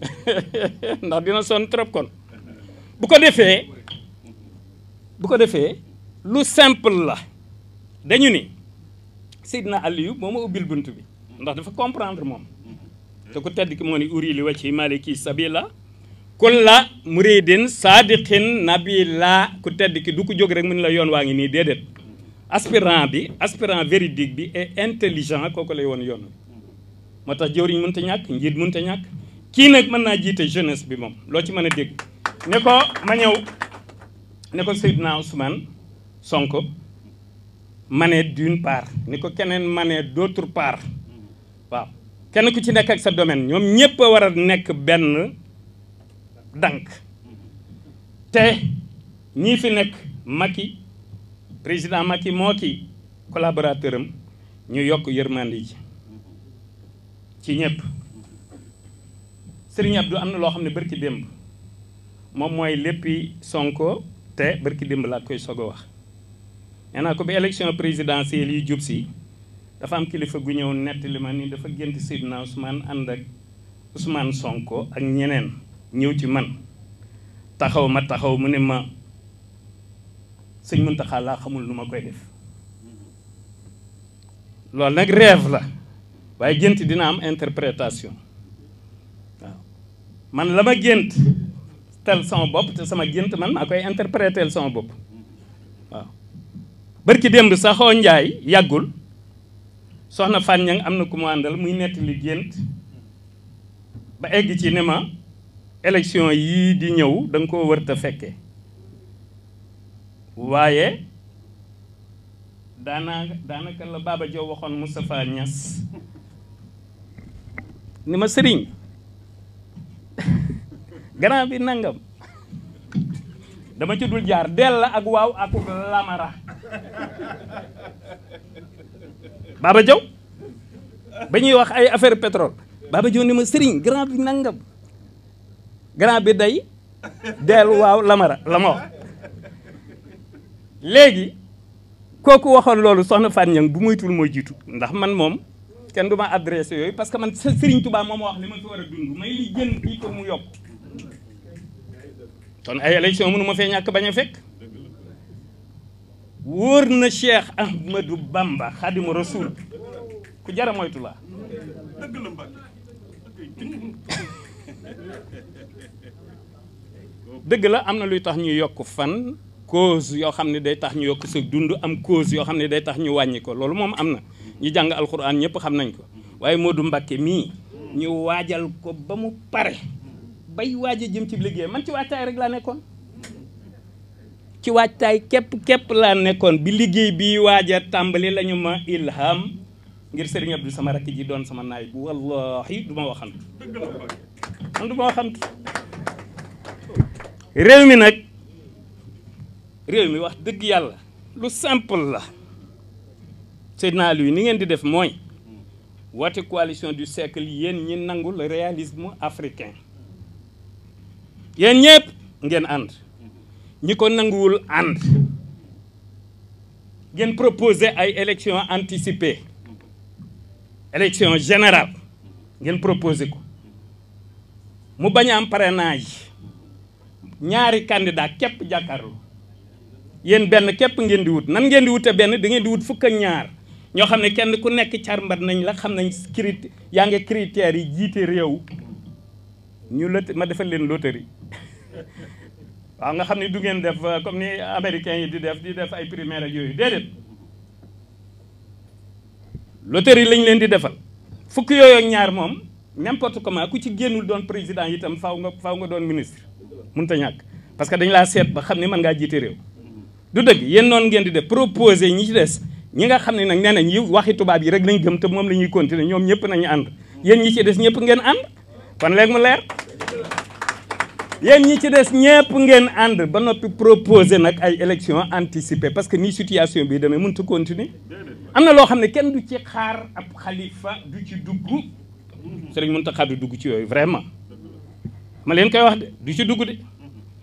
ndax dina son trop kon bu ko defee bu ko defee lu simple la dañu ni Seydina Aliou moo ma ubbil bunt bi ndax dafa comprendre moom te ku tedd ki moo ni uri li wacci maliki sabila kulla muridin sadiqin nabila ku tedd ki du ko jóg rek mu ne la yoon waa ngi nii déedéet aspirant bi aspirant véridique bi et intelligent kooku lay woon yoon moo tax jëwriñ mënta ñàkk njiit mënta ñàkk kii nag mën naa jiite jeunesse bi moom loo ci mën a dégg ne ko ma ñëw ne ko Seydina Ousmane Sonko manee d'une part ni ko keneen manee d'autre part waaw kenn ku ci nekk ak sa domaine ñoom ñëpp a war a nekk benn dànk te ñii fi nekk Macky président Macky moo ki collaborateur am ñu yokk yërmande ji ci ñëpp Serigne Abdou am na loo xam ne bërki démb moom mooy léppi Sonko te bërki démb laa koy soog a wax nee ko bi élection présidentielle yi jub si dafa am kilifa gu ñëw nettali ma ni dafa gént Seydina Ousmane ànd ak Ousmane Sonko ak ñeneen ñëw ci man taxaw ma taxaw mu ne ma sëñ Muntaxa laa xamul nu ma koy def loolu nag rêve la waaye gént dina am interprétation man lama gent tel son bop te sama gent man makoy koy interpréter sama bopp waaw bërki démb saxoo njaay yagul soxna fan ñang amna ku mo andal muy netti li gént ba egg ci nema élection di ñew dang ko wërta fekke waaye dana daanaka la Baba jo waxon mustafa Niass nima serigne gannaaw bi nangam dama ci dul jaar del la ak waaw aku lamara Baba Diaw bañuy wax ay affaire pétrole Baba Diaw ni ma serigne grand bi nangam grand bi day dell waaw lamara la ma wax léegi kooku waxoon loolu soxna Fane Niang bu tul moy jitu ndax man mom kenn duma ma yoy parce que man serigne touba mom wax li ma fi wara dund may li jeun kii ko mu yop ton ay election mënu ma fee ñàkk bañ a fekk na Cheikh Ahmadou Bamba khadim rasoul ku jara moytu la deug la la amna luy tax ñu yok fan cause yo xamni day tax ñu yok su dund am cause yo xamni day tax ñu wañi ko lolu mom amna ñi jang alcorane ñepp xam nañ ko waye Modou Mbacké mi ñu wajal ko ba mu pare bay waji jëm ci liggéey man ci waajtaay rek la nekkon ci waajtaay kep kep la nekkon bi liggéey bi waja tambali lañu ma ilham ngir serigne abdou sama rakk ji doon sama nay bu wallahi duma ma man duma ma rew mi nak rew mi wax deug yalla lu simple la Seydina Aliou ni ngeen di def moy wati coalition du siècle yéen ñi nangul réalisme africain yéen ñëpp ngeen ànd ñi ko nanguwul ànd ngeen proposer ay élection anticipée élection générale ngeen proposer ko mu bañ a am parrainage ñaari candidat képp jàkkaarloo yéen benn képp ngeen di wut nan ngeen di wute benn da ngeen di wut fukk ñaar ñoo xam ne kenn ku nekk carmbat nañ la xam nañ crit yaa ngi critères yi jiite réew ñu lot ma defal leen loterie waaw nga xam ni du ngeen def euh, comme ni américain yi di def di def ay primaire ak yooyu déedéet loterie lañ leen di defal fukk yooyu ak ñaar moom n'importe comment ku ci génnul doon président itam faaw nga faaw nga doon ministre mënut a ñàkk parce que dañ laa seet ba xam ni mën ngaa jiite réew du dëgg yéen noonu ngeen di def proposé ñi ci des ñi nga xam ne nag nee nañ yi waxi tubaab yi rek lañ gëm te moom la ñuy continuer ñoom ñëpp nañu ànd yéen ñi ci des ñëpp ngeen ànd kon léegi mu leer yéen ni ci des ñëpp ngeen ànd ba noppi proposé nag ay élection anticipée parce que ni situation bi dañu mënut continuer amna lo xamné ne kenn du ci xaar ab khalifa du ci dugg sëriñ mënut xaar du dugg ci yoy vraiment ma leen koy wax de du ci dugg de